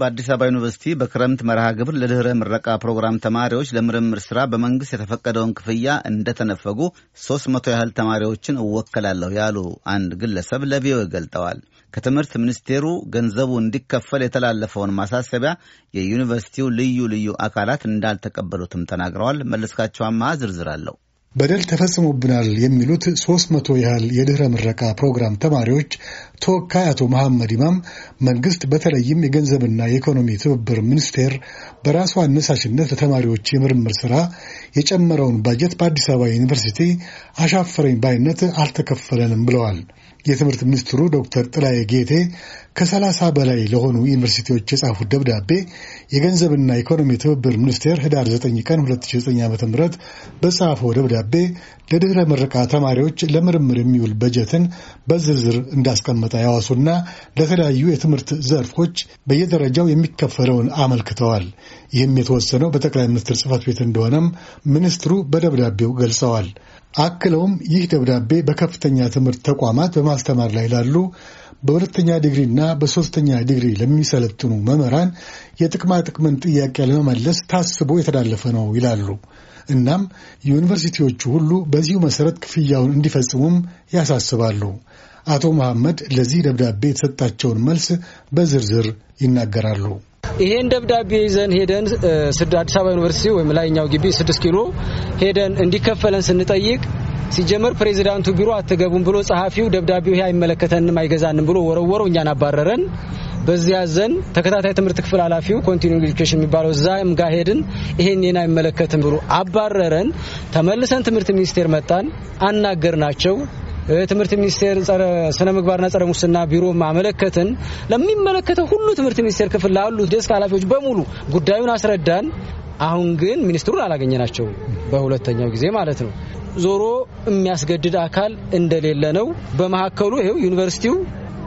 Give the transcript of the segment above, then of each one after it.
በአዲስ አበባ ዩኒቨርሲቲ በክረምት መርሃ ግብር ለድኅረ ምረቃ ፕሮግራም ተማሪዎች ለምርምር ስራ በመንግስት የተፈቀደውን ክፍያ እንደተነፈጉ ሶስት መቶ ያህል ተማሪዎችን እወከላለሁ ያሉ አንድ ግለሰብ ለቪኦኤ ገልጠዋል። ከትምህርት ሚኒስቴሩ ገንዘቡ እንዲከፈል የተላለፈውን ማሳሰቢያ የዩኒቨርሲቲው ልዩ ልዩ አካላት እንዳልተቀበሉትም ተናግረዋል። መለስካቸው አማሃ ዝርዝር አለው። በደል ተፈጽሞብናል የሚሉት ሶስት መቶ ያህል የድኅረ ምረቃ ፕሮግራም ተማሪዎች ተወካይ አቶ መሐመድ ኢማም መንግስት በተለይም የገንዘብና የኢኮኖሚ ትብብር ሚኒስቴር በራሱ አነሳሽነት ለተማሪዎች የምርምር ስራ የጨመረውን ባጀት በአዲስ አበባ ዩኒቨርሲቲ አሻፈረኝ ባይነት አልተከፈለንም ብለዋል። የትምህርት ሚኒስትሩ ዶክተር ጥላዬ ጌቴ ከሰላሳ በላይ ለሆኑ ዩኒቨርሲቲዎች የጻፉት ደብዳቤ የገንዘብና ኢኮኖሚ ትብብር ሚኒስቴር ህዳር 9 ቀን 2009 ዓ ም በጻፈው ደብዳቤ ለድህረ ምረቃ ተማሪዎች ለምርምር የሚውል በጀትን በዝርዝር እንዳስቀመጠ ያዋሱና ለተለያዩ የትምህርት ዘርፎች በየደረጃው የሚከፈለውን አመልክተዋል። ይህም የተወሰነው በጠቅላይ ሚኒስትር ጽህፈት ቤት እንደሆነም ሚኒስትሩ በደብዳቤው ገልጸዋል። አክለውም ይህ ደብዳቤ በከፍተኛ ትምህርት ተቋማት በማ በማስተማር ላይ ላሉ በሁለተኛ ዲግሪና በሶስተኛ ዲግሪ ለሚሰለጥኑ መምህራን የጥቅማ ጥቅምን ጥያቄ ለመመለስ ታስቦ የተላለፈ ነው ይላሉ። እናም ዩኒቨርሲቲዎቹ ሁሉ በዚሁ መሰረት ክፍያውን እንዲፈጽሙም ያሳስባሉ። አቶ መሐመድ ለዚህ ደብዳቤ የተሰጣቸውን መልስ በዝርዝር ይናገራሉ። ይሄን ደብዳቤ ይዘን ሄደን አዲስ አበባ ዩኒቨርሲቲ ወይም ላይኛው ግቢ ስድስት ኪሎ ሄደን እንዲከፈለን ስንጠይቅ ሲጀመር ፕሬዚዳንቱ ቢሮ አትገቡም ብሎ ጸሐፊው ደብዳቤው ይሄ አይመለከተንም አይገዛንም ብሎ ወረወረው፣ እኛን አባረረን። በዚያ ዘን ተከታታይ ትምህርት ክፍል ኃላፊው ኮንቲኒንግ ኤጁኬሽን የሚባለው እዛም ጋ ሄድን። ይሄን አይመለከትም ብሎ አባረረን። ተመልሰን ትምህርት ሚኒስቴር መጣን፣ አናገርናቸው። ትምህርት ሚኒስቴር ስነ ምግባርና ጸረ ሙስና ቢሮ ማመለከትን ለሚመለከተው ሁሉ ትምህርት ሚኒስቴር ክፍል ላሉት ዴስክ ኃላፊዎች በሙሉ ጉዳዩን አስረዳን። አሁን ግን ሚኒስትሩን አላገኘናቸው፣ በሁለተኛው ጊዜ ማለት ነው። ዞሮ የሚያስገድድ አካል እንደሌለ ነው። በመካከሉ ይኸው ዩኒቨርሲቲው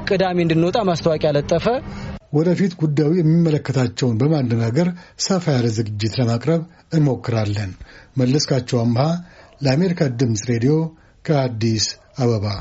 ቅዳሜ እንድንወጣ ማስታወቂያ ለጠፈ። ወደፊት ጉዳዩ የሚመለከታቸውን በማነጋገር ሰፋ ያለ ዝግጅት ለማቅረብ እንሞክራለን። መለስካቸው አምሃ ለአሜሪካ ድምፅ ሬዲዮ ከአዲስ አበባ